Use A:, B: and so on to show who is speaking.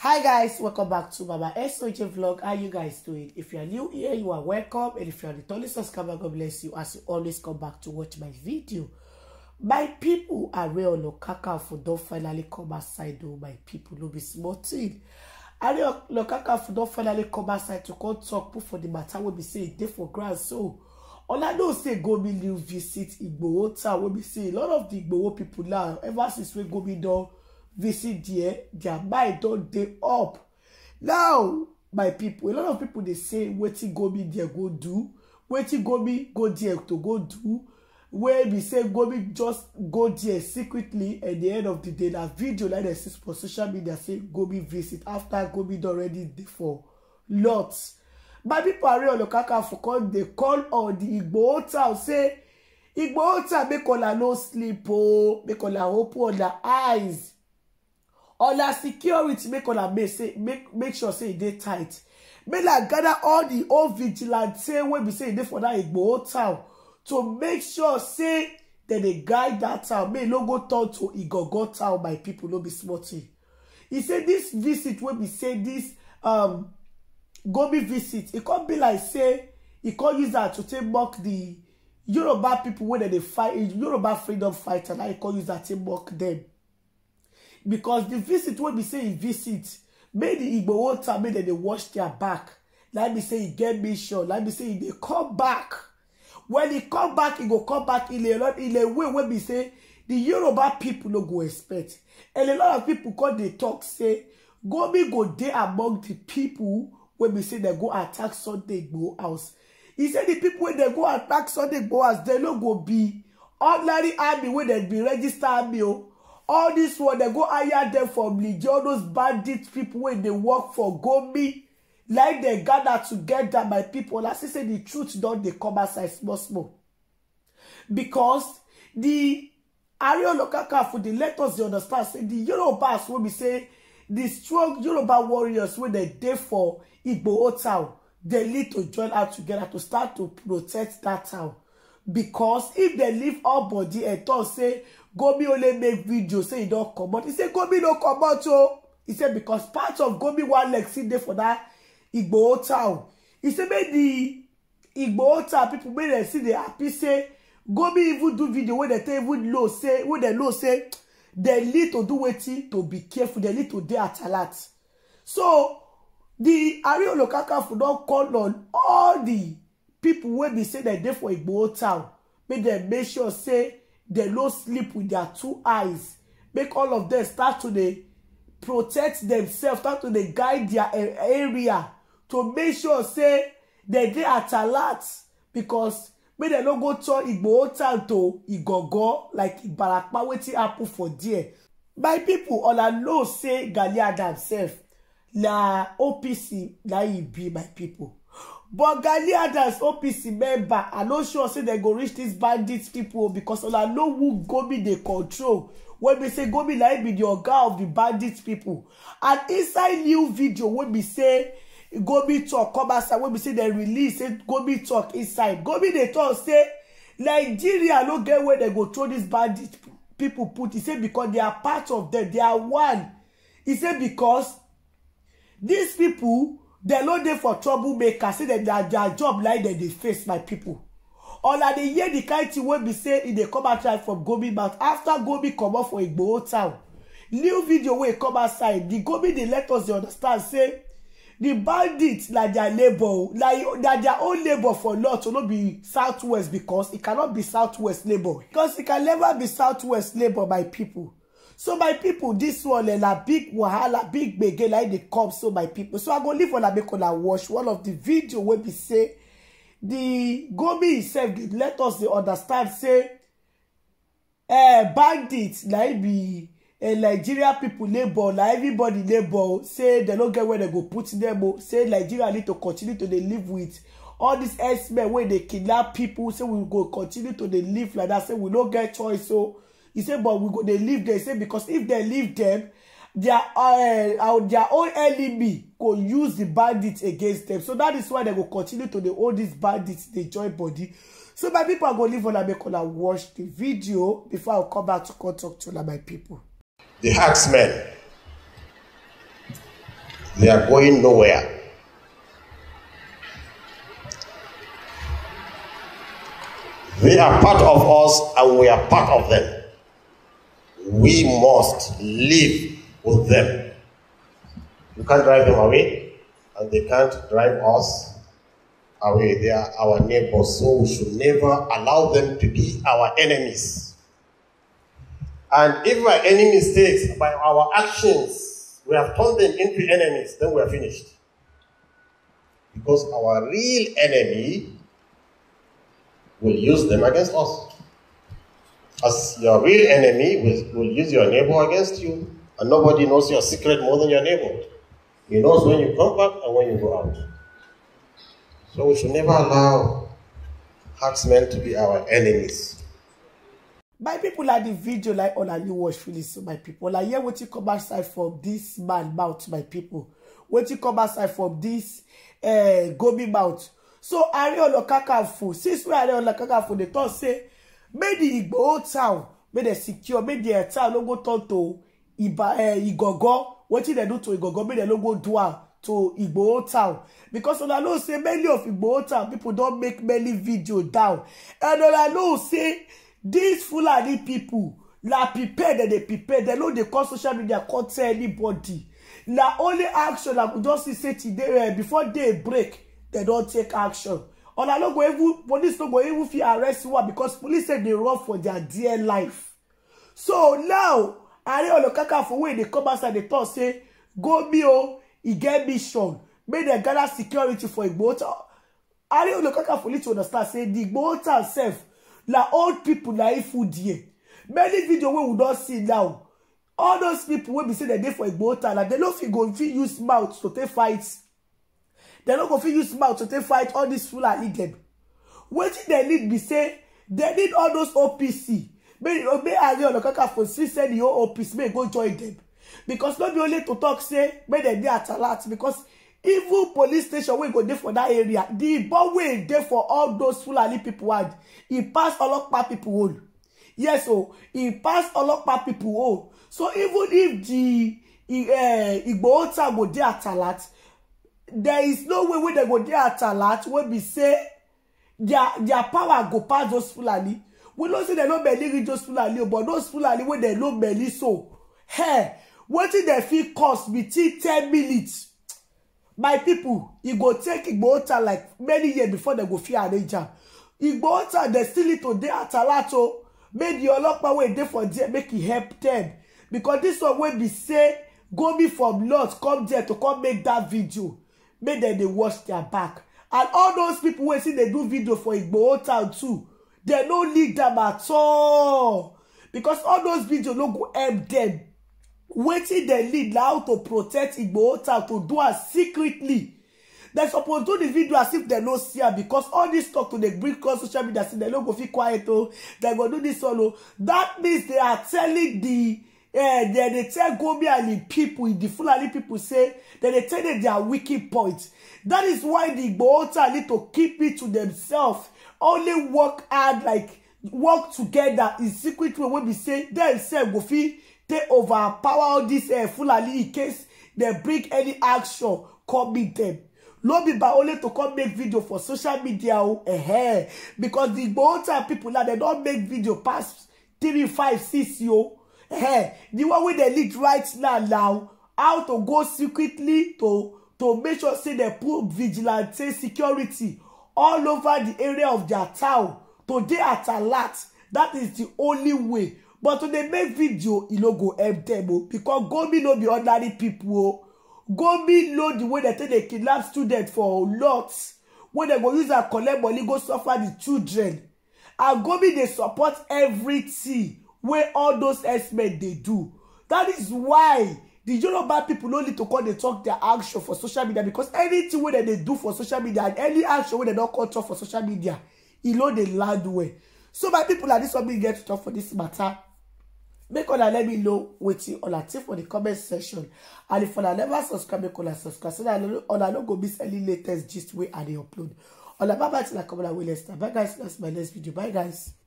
A: hi guys welcome back to baba soj vlog how you guys doing if you are new here you are welcome and if you are the returning subscriber god bless you as you always come back to watch my video my people are Ààrẹ Ọ̀nà Kakanfò don't finally come outside though my people no be small thing no Ọ̀nà Kakanfò don finally come outside to come talk put for the matter wey be say e day for ground so all I know say go Gomi new visit Igboho town wey be say a lot of the Igboho people now ever since we go Gomi done visit there their mind don't dey up now my people a lot of people they say wetin gomi there go do wetin gomi go there to go do Where we say gomi just go there secretly at the end of the day That video like dem see for social media say gomi visit after gomi don already for lots. my people are real. Ọ̀nà Kakanfò come They call on the Igboho town say Igboho town make una no sleep oh, make una open their eyes una security make una make make sure say e dey tight make na gather all the old vigilante wey be say e dey for that igboho town to make sure say dem dey guide that town may e no go turn to igogo town by people no be small tin e say dis visit wey be say this um gomi visit e come be like say e come use that to take mock di yoruba people wey dem dey fight yoruba freedom fighter na e come use that take mock them because the visit wey be say e visit make the igbowo town make dem dey wash their back like be say e get mission like be say e dey come back when e come back e go come back in a lot in a way wey be say the yoruba people no go expect and a lot of people come dey talk say gomi go dey among the people wey be say dem go attack sunday igboho house He say the people wey dem go attack sunday igboho house dem no go be ordinary army wey dem be register army o oh all this one they go hire them for obliji all those bandit people when they work for gomi like they gather together my people. I see say the truth don dey come outside small small because di ariolokakafu dey let us understand say the yorubas will be say the strong yoruba warriors wey they dey for igboho town dem need to join out together to start to protect that town because if they leave all body and talk say gomi only make video say e don comot e say gomi no comot o oh. he said because part of gomi one leg see dey for dat igboho town e say make di igboho town People make dem still dey happy say gomi even do video wey dem take even low say when they low say they need to do wetin to be careful They need to dey at alert so the di ariolokakafu don't call on all the. People wey be say dem dey for igbo town make dem make sure say dem no sleep with their two eyes make all of them start to dey protect themselves, start to dey guide their area to make sure say dem dey at alert because make dem no go turn igbo town to igogo like ibarapa wetin happen for there my people una know say gali adam sef na opc na he be my people but Gani Adams OPC member i no sure say they go reach these bandit people because all I know who gomi dey control When we say gomi na im be di oga of the bandit people, and inside new video when we say gomi talk come outside when we say they release say gomi tok inside gomi dey talk say nigeria no get where they go throw these bandit people. put he said because they are part of them. they are one He said because these people dem no dey for troublemaker say dem their job like dem dey face my people. or na dey hear the kind tin wey be say e dey come outside from gobi mouth after gobi comot for igboho town new video wey come outside The gobi dey let us dey understand say the bandits na dia labour na their own labour for north no be southwest because e cannot be southwest labour because e can never be southwest labour by people so my people this one la big wahala big gbege like dey come so my people so i go leave una make la watch one of the video where we say the gobi itself let us dey understand say eh bandits like e be eh, nigeria people labour like everybody labour say they no get where they go put dem oh. say nigeria need to continue to dey live with all these dis herdsmen wey dey kidnap people. say we go continue to dey live like that. say we no get choice So. Oh he said, but we go dey leave dem say because if they leave them, their uh, uh their own enemy could use the bandits against them so that is why they will continue to dey hold these bandits dey join body so my people are going to leave on. una make una watch the video before i come back to come talk to una my people.
B: the herdsmen they are going nowhere. They are part of us and we are part of them. we must live with them. You can't drive them away, and they can't drive us away. They are our neighbors, so we should never allow them to be our enemies. And if by any mistakes, by our actions, we have turned them into enemies, then we are finished. Because our real enemy
A: will use them against
B: us. As your real enemy will, use your neighbor against you, and nobody knows your secret more than your neighbor. He knows when you come back and when you go out. So we should never allow herdsmen to be our enemies.
A: My people like the video, like all I you watch finish, my people. Like hear what you come outside from this man mouth, my people. What you come outside from this uh, gobi mouth. So Ààrẹ Ọ̀nà Kakanfò, since we are Ààrẹ Ọ̀nà Kakanfò, they thought say make the Igbo town make they secure make their town no go turn to eh, Igogo wetin they do to Igogo make they no go do am to Igboho town because una know say many of Igboho town people don make many video down and una know say these Fulani people na prepare dem dey prepare dem no dey call social media call tell anybody na only action i go just see say today eh, before day break dem don take action una no go even police no go even fit arrest one because police say dey run for their dear life so now Ààrẹ Ọ̀nà Kakanfò wey dey come outside dey talk say go be o e get mission make dem gather security for Igboho town Ààrẹ Ọ̀nà Kakanfò need to understand say the Igboho town sef na old people na im full there many video wey we don see now all those people wey be say dem dey for Igboho town na dem no fit go fit use mouth to take fight They no go fit use mouth to take fight all dis fulani dem what they need be say they need all those opc May make Aare Ona Kakanfo see say the opc may go join them because not be only to talk say may they dey at alert because even police station wey go there for that area The bomb way there for all those fulani pipo hand e pass olopa pipo own yes o oh, e pass olopa pipo own so even if di eh, igboho town go there at alert there is no way wey dem go dey at alert wey be say their their power go pass those fulani we know say dem no believe reach those fulani but those fulani wey dem no believe so hey, wetin dem fit cost between ten minutes my pipo e go take igboho town like many years before dem go fit arrange am igboho town dem still need to dey at alert o oh. make di ọlọpàá wey dey for there make e help dem because dis one wey be say go me from north come there to come make dat video make dem dey wash their back and all those people wey see they do video for igboho town too they no lead them at all because all those videos no go help dem wetin dem lead na how to protect igboho town to do it secretly supposed to do the video as if they no see her because all this talk to the bring on social media see they no go fit quiet o dem go do this one o that means they are telling the eh, then they tell Gobi and the people, the Fulani people say, then they tell them their wicked points. That is why the Igbohota need to keep it to themselves. Only work hard, like work together in secret way. When we say themselves go fit take over, power all this uh, eh, Fulani in case they bring any action, commit them. no be by only to come make video for social media o oh, eh, because the Igbohota people now they don't make video past three five six yo eh, the one wey dey lead right now now how to go secretly to to make sure say dem put vigilante security all over the area of their town to dey at alert that is the only way but to dey make video e no go help dem o because gomi no be ordinary pipo o gomi know the way dem take dey kidnap students for lot wey dem go use am collect money go suffer the children and gomi dey support everything wey all those herdsmen dey do that is why the yoruba people no need to come dey talk their action for social media because anything wey dem dey do for social media and any action wey dem don come talk for social media e no dey land well so my people na this one we get to talk for this matter make una let me know wetin una think for the comment section and if una never subscribe make una subscribe so that una no go miss any latest gist wey i dey upload una bye bye till i come una way next time bye guys that's my next video bye guys.